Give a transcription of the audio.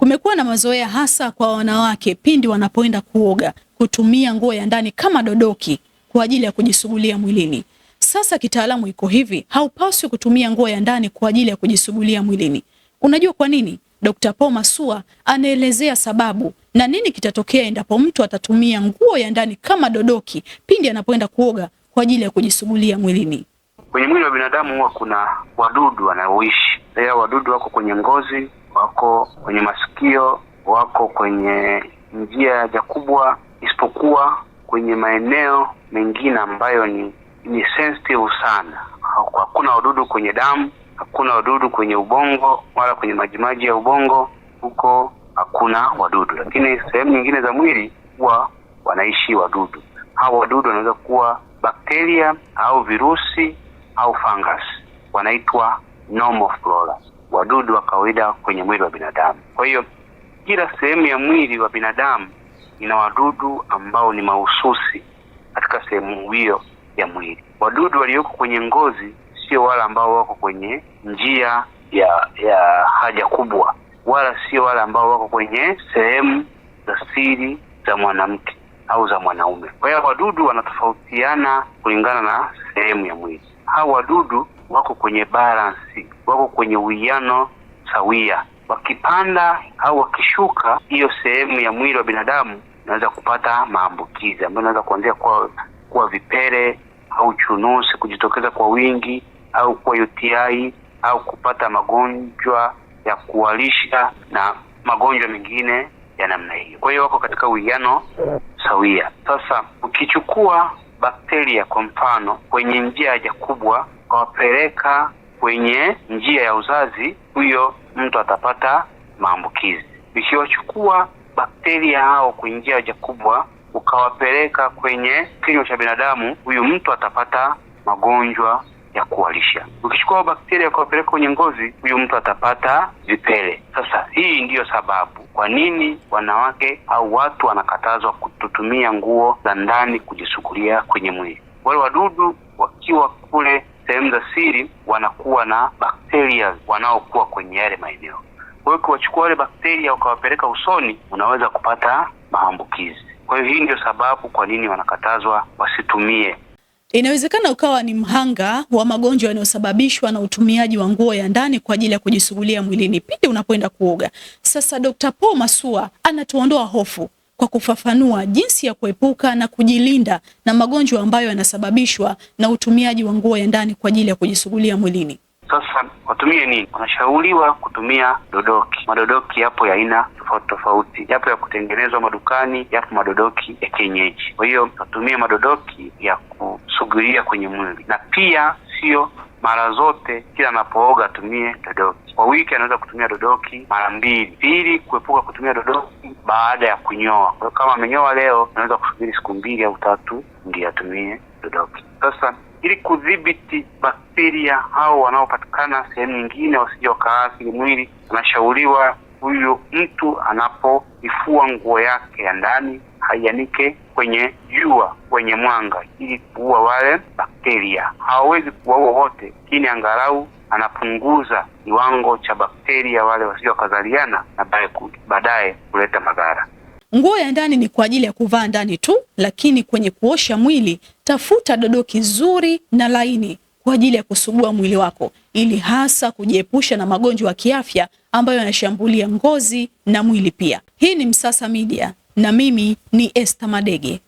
Kumekuwa na mazoea hasa kwa wanawake pindi wanapoenda kuoga kutumia nguo ya ndani kama dodoki kwa ajili ya kujisugulia mwilini. Sasa kitaalamu iko hivi, haupaswi kutumia nguo ya ndani kwa ajili ya kujisugulia mwilini. Unajua kwa nini? Dkt. Paul Masua anaelezea sababu na nini kitatokea endapo mtu atatumia nguo ya ndani kama dodoki pindi anapoenda kuoga kwa ajili ya kujisugulia mwilini. Kwenye mwili wa binadamu huwa kuna wadudu wanaoishi. wadudu wako kwenye ngozi wako kwenye masikio, wako kwenye njia ya kubwa, isipokuwa kwenye maeneo mengine ambayo ni ni sensitive sana. Hakuna wadudu kwenye damu, hakuna wadudu kwenye ubongo wala kwenye majimaji ya ubongo, huko hakuna wadudu, lakini sehemu nyingine za mwili huwa wanaishi wadudu. Hao wadudu wanaweza kuwa bakteria au virusi au fungus, wanaitwa normal flora wadudu wa kawaida kwenye mwili wa binadamu. Kwa hiyo kila sehemu ya mwili wa binadamu ina wadudu ambao ni mahususi katika sehemu hiyo ya mwili. Wadudu walioko kwenye ngozi sio wale ambao wako kwenye njia ya ya haja kubwa, wala sio wale ambao wako kwenye sehemu za siri za mwanamke au za mwanaume. Kwa hiyo wadudu wanatofautiana kulingana na sehemu ya mwili. Hao wadudu wako kwenye balance wako kwenye uwiano sawia. Wakipanda au wakishuka, hiyo sehemu ya mwili wa binadamu inaweza kupata maambukizi ambayo inaweza kuanzia kwa kuwa vipele au chunusi kujitokeza kwa wingi au kuwa UTI au kupata magonjwa ya kuwalisha na magonjwa mengine ya namna hiyo. Kwa hiyo wako katika uwiano sawia. Sasa ukichukua bakteria kwa mfano kwenye njia haja kubwa, kawapeleka kwenye njia ya uzazi, huyo mtu atapata maambukizi. Ikiwachukua bakteria hao kwenye njia ya haja kubwa ukawapeleka kwenye kinywa cha binadamu, huyu mtu atapata magonjwa ya kuwalisha Ukichukua bakteria ukawapeleka kwenye ngozi, huyu mtu atapata vipele. Sasa hii ndiyo sababu kwa nini wanawake au watu wanakatazwa kututumia nguo za ndani kujisugulia kwenye mwili. Wale wadudu wakiwa kule sehemu za siri wanakuwa na bakteria wanaokuwa kwenye yale maeneo. Kwa hiyo ukiwachukua wale bakteria ukawapeleka usoni, unaweza kupata maambukizi. Kwa hiyo hii ndio sababu kwa nini wanakatazwa wasitumie. Inawezekana ukawa ni mhanga wa magonjwa yanayosababishwa na utumiaji wa nguo ya ndani kwa ajili ya kujisugulia mwilini pindi unapoenda kuoga. Sasa Dr. Paul Masua anatuondoa hofu kwa kufafanua jinsi ya kuepuka na kujilinda na magonjwa ambayo yanasababishwa na utumiaji wa nguo ya ndani kwa ajili ya kujisugulia mwilini. Sasa watumie nini? Wanashauriwa kutumia dodoki. Madodoki yapo ya aina tofauti tofauti, yapo ya kutengenezwa madukani, yapo madodoki ya kienyeji. Kwa hiyo watumie madodoki ya kusugulia kwenye mwili, na pia sio mara zote kila anapooga atumie dodoki. Kwa wiki anaweza kutumia dodoki mara mbili, ili kuepuka kutumia dodoki baada ya kunyoa. Kwa hiyo kama amenyoa leo, anaweza kusubiri siku mbili au tatu ndio atumie dodoki. Sasa ili kudhibiti bakteria hao wanaopatikana sehemu nyingine wasije wakaathiri mwili, anashauriwa huyu mtu anapoifua nguo yake ya ndani haianike kwenye jua, kwenye mwanga, ili kuua wale bakteria. Hawawezi kuwaua wote, lakini angalau anapunguza kiwango cha bakteria wale wasio wakazaliana na baadaye kuleta madhara. Nguo ya ndani ni kwa ajili ya kuvaa ndani tu, lakini kwenye kuosha mwili tafuta dodoki zuri na laini kwa ajili ya kusugua mwili wako ili hasa kujiepusha na magonjwa ya kiafya ambayo yanashambulia ngozi na mwili pia. Hii ni Msasa Media na mimi ni Esther Madege.